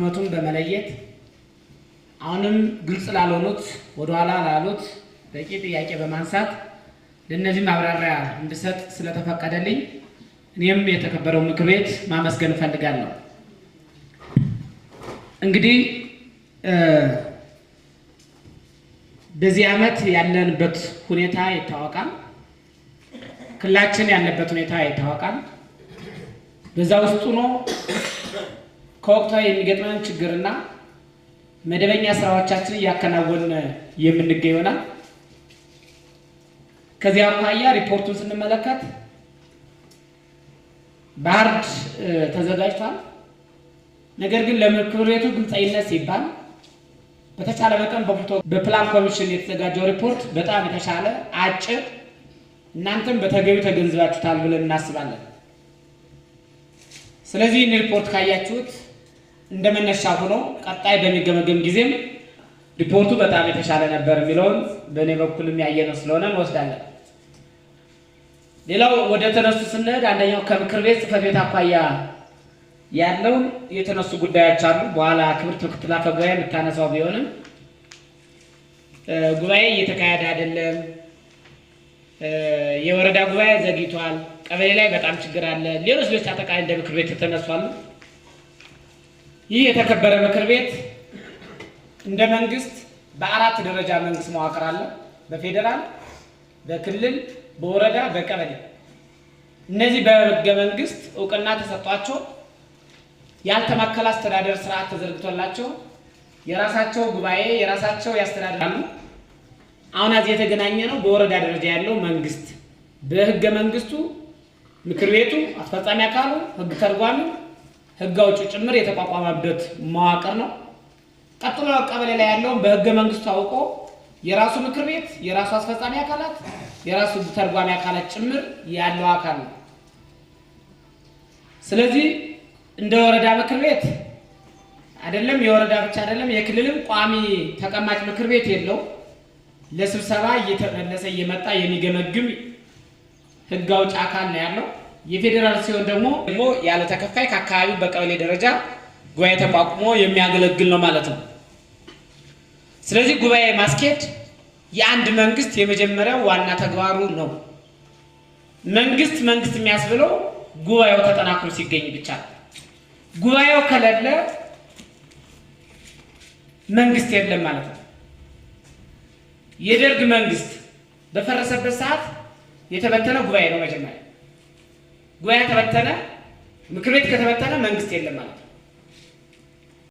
ህመቱን በመለየት አሁንም ግልጽ ላልሆኑት ወደኋላ ላሉት በቂ ጥያቄ በማንሳት ለእነዚህ ማብራሪያ እንድሰጥ ስለተፈቀደልኝ እኔም የተከበረው ምክር ቤት ማመስገን እፈልጋለሁ። እንግዲህ በዚህ ዓመት ያለንበት ሁኔታ ይታወቃል። ክልላችን ያለበት ሁኔታ ይታወቃል። በዛ ውስጡ ነው ከወቅታዊ የሚገጥመን ችግርና መደበኛ ስራዎቻችን እያከናወን የምንገኝ ይሆናል። ከዚህ አኳያ ሪፖርቱን ስንመለከት በአርድ ተዘጋጅቷል። ነገር ግን ለምክር ቤቱ ግልጻዊነት ሲባል በተቻለ መጠን በፕላን ኮሚሽን የተዘጋጀው ሪፖርት በጣም የተሻለ አጭር፣ እናንተም በተገቢው ተገንዝባችሁታል ብለን እናስባለን። ስለዚህ ይህን ሪፖርት ካያችሁት እንደ መነሻ ሆኖ ቀጣይ በሚገመገም ጊዜም ሪፖርቱ በጣም የተሻለ ነበር የሚለውን በእኔ በኩል ያየነው ስለሆነ እንወስዳለን። ሌላው ወደ ተነሱ ስንሄድ አንደኛው ከምክር ቤት ጽፈት ቤት አኳያ ያለው የተነሱ ጉዳዮች አሉ። በኋላ ክብርት ምክትል አፈ ጉባኤ የምታነሳው ቢሆንም ጉባኤ እየተካሄደ አይደለም፣ የወረዳ ጉባኤ ዘግይቷል፣ ቀበሌ ላይ በጣም ችግር አለ፣ ሌሎች ሌሎች አጠቃላይ እንደ ምክር ቤት ተነሷሉ። ይህ የተከበረ ምክር ቤት እንደ መንግስት በአራት ደረጃ መንግስት መዋቅር አለ። በፌዴራል፣ በክልል፣ በወረዳ፣ በቀበሌ። እነዚህ በህገ መንግስት እውቅና ተሰጧቸው ያልተማከለ አስተዳደር ስርዓት ተዘርግቶላቸው የራሳቸው ጉባኤ የራሳቸው ያስተዳድራሉ። አሁን አዚ የተገናኘ ነው በወረዳ ደረጃ ያለው መንግስት በህገ መንግስቱ ምክር ቤቱ አስፈጻሚ አካሉ ህግ ተርጓሚ ህግ አውጭ ጭምር የተቋቋመበት መዋቅር ነው። ቀጥሎ ቀበሌ ላይ ያለውን በህገ መንግስቱ አውቆ የራሱ ምክር ቤት፣ የራሱ አስፈጻሚ አካላት፣ የራሱ ተርጓሚ አካላት ጭምር ያለው አካል ነው። ስለዚህ እንደ ወረዳ ምክር ቤት አይደለም፣ የወረዳ ብቻ አይደለም፣ የክልልም ቋሚ ተቀማጭ ምክር ቤት የለው። ለስብሰባ እየተመለሰ እየመጣ የሚገመግም ህግ አውጪ አካል ነው ያለው። የፌዴራል ሲሆን ደግሞ ደግሞ ያለ ተከፋይ ከአካባቢ በቀበሌ ደረጃ ጉባኤ ተቋቁሞ የሚያገለግል ነው ማለት ነው። ስለዚህ ጉባኤ ማስኬድ የአንድ መንግስት የመጀመሪያው ዋና ተግባሩ ነው። መንግስት መንግስት የሚያስብለው ጉባኤው ተጠናክሮ ሲገኝ ብቻ ነው። ጉባኤው ከሌለ መንግስት የለም ማለት ነው። የደርግ መንግስት በፈረሰበት ሰዓት የተበተነ ጉባኤ ነው መጀመሪያ ጉባኤ ተበተነ፣ ምክር ቤት ከተበተነ መንግስት የለም ማለት